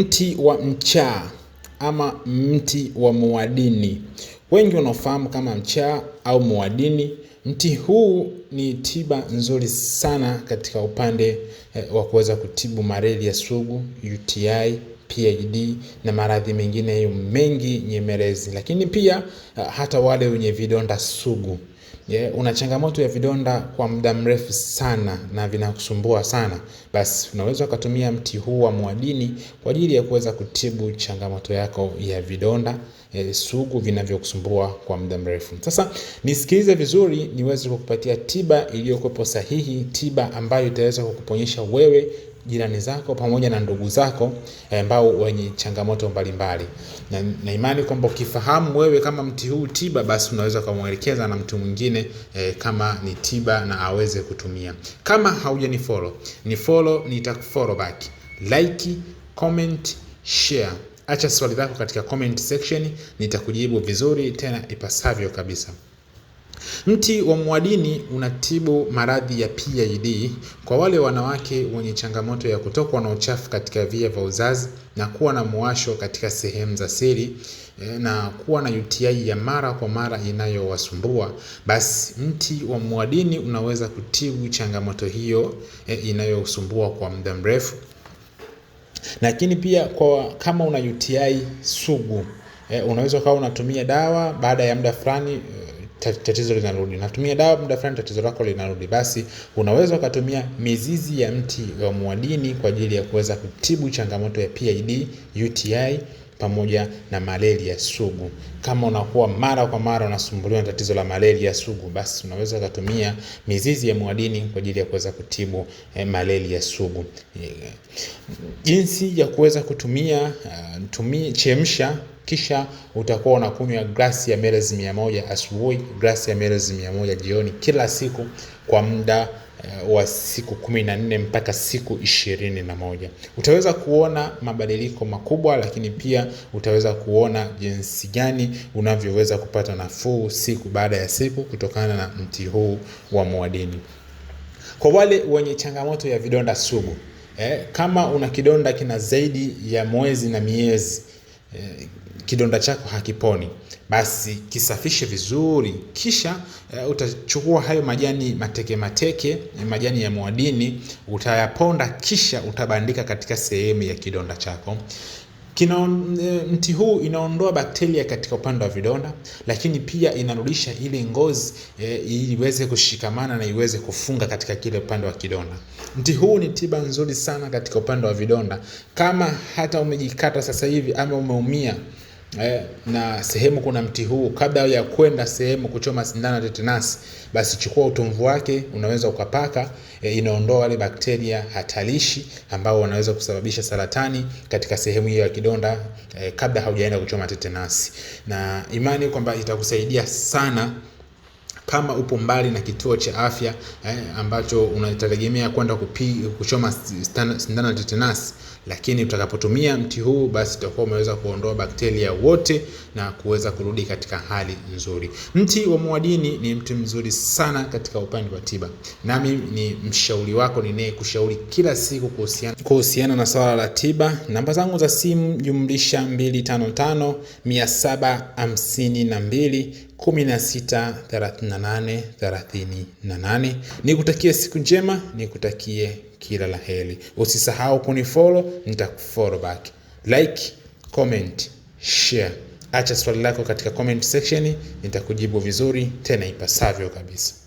Mti wa mchaa ama mti wa muadini. wengi wanaofahamu kama mchaa au muadini. Mti huu ni tiba nzuri sana katika upande eh, wa kuweza kutibu malaria sugu, UTI, PID na maradhi mengine mengi nyemelezi, lakini pia eh, hata wale wenye vidonda sugu yeah, una changamoto ya vidonda kwa muda mrefu sana na vinakusumbua sana, basi unaweza ukatumia mti huu wa mwadini kwa ajili ya kuweza kutibu changamoto yako ya vidonda eh, sugu vinavyokusumbua kwa muda mrefu. Sasa nisikilize vizuri, niweze kukupatia tiba iliyokuwepo sahihi, tiba ambayo itaweza kukuponyesha wewe jirani zako pamoja na ndugu zako eh, ambao e, wenye changamoto mbalimbali mbali. Na, na imani kwamba ukifahamu wewe kama mti huu tiba, basi unaweza kumwelekeza na mtu mwingine e, kama ni tiba na aweze kutumia. Kama haujani follow ni follow, nitakufollow back, like, comment, share. Acha swali lako katika comment section, nitakujibu vizuri tena ipasavyo kabisa. Mti wa mwadini unatibu maradhi ya PID kwa wale wanawake wenye changamoto ya kutokwa na uchafu katika via vya uzazi na kuwa na muwasho katika sehemu za siri eh, na kuwa na UTI ya mara kwa mara inayowasumbua, basi mti wa mwadini unaweza kutibu changamoto hiyo eh, inayosumbua kwa muda mrefu. Lakini pia kwa kama una UTI sugu, eh, unaweza ukawa unatumia dawa baada ya muda fulani tatizo linarudi. Natumia dawa muda fulani, tatizo lako linarudi. Basi unaweza ukatumia mizizi ya mti wa mwadini kwa ajili ya kuweza kutibu changamoto ya PID, UTI pamoja na malaria sugu. Kama unakuwa mara kwa mara unasumbuliwa na tatizo la malaria sugu, basi unaweza ukatumia mizizi ya mwadini kwa ajili ya kuweza kutibu eh, malaria sugu. Eh, jinsi ya kuweza kutumia uh, tumie, chemsha kisha utakuwa unakunywa glasi ya melezi 100 asubuhi, glasi ya mililita 100 jioni kila siku kwa muda eh, wa siku kumi mpaka siku ishirini na moja. Utaweza kuona mabadiliko makubwa, lakini pia utaweza kuona jinsi gani unavyoweza kupata nafuu siku baada ya siku kutokana na mti huu wa mwadini. Kwa wale wenye changamoto ya vidonda sugu eh, kama una kidonda kina zaidi ya mwezi na miezi eh, kidonda chako hakiponi, basi kisafishe vizuri, kisha uh, utachukua hayo majani mateke mateke, eh, majani ya mwadini utayaponda, kisha utabandika katika sehemu ya kidonda chako. Kina, eh, mti huu inaondoa bakteria katika upande wa vidonda, lakini pia inarudisha ile ngozi e, iweze kushikamana na iweze kufunga katika kile upande wa kidonda. Mti huu ni tiba nzuri sana katika upande wa vidonda. Kama hata umejikata sasa hivi ama umeumia Eh, na sehemu kuna mti huu, kabla ya kwenda sehemu kuchoma sindano tetenasi basi chukua utomvu wake, unaweza ukapaka eh, inaondoa wale bakteria hatarishi ambao wanaweza kusababisha saratani katika sehemu hiyo ya kidonda eh, kabla haujaenda kuchoma tetanasi, na imani kwamba itakusaidia sana kama upo mbali na kituo cha afya eh, ambacho unatarajia kwenda kuchoma sindano tetenasi lakini utakapotumia mti huu, basi utakuwa umeweza kuondoa bakteria wote na kuweza kurudi katika hali nzuri. Mti wa mwadini ni mti mzuri sana katika upande wa tiba, nami ni mshauri wako ninayekushauri kila siku kuhusiana kuhusiana na swala la tiba. Namba zangu za simu jumlisha 255 752 16 38 38. Nikutakie siku njema, nikutakie kila la heri. Usisahau kunifollow, nitakufollow back. Like, comment, share. Acha swali lako katika comment section, nitakujibu vizuri tena ipasavyo kabisa.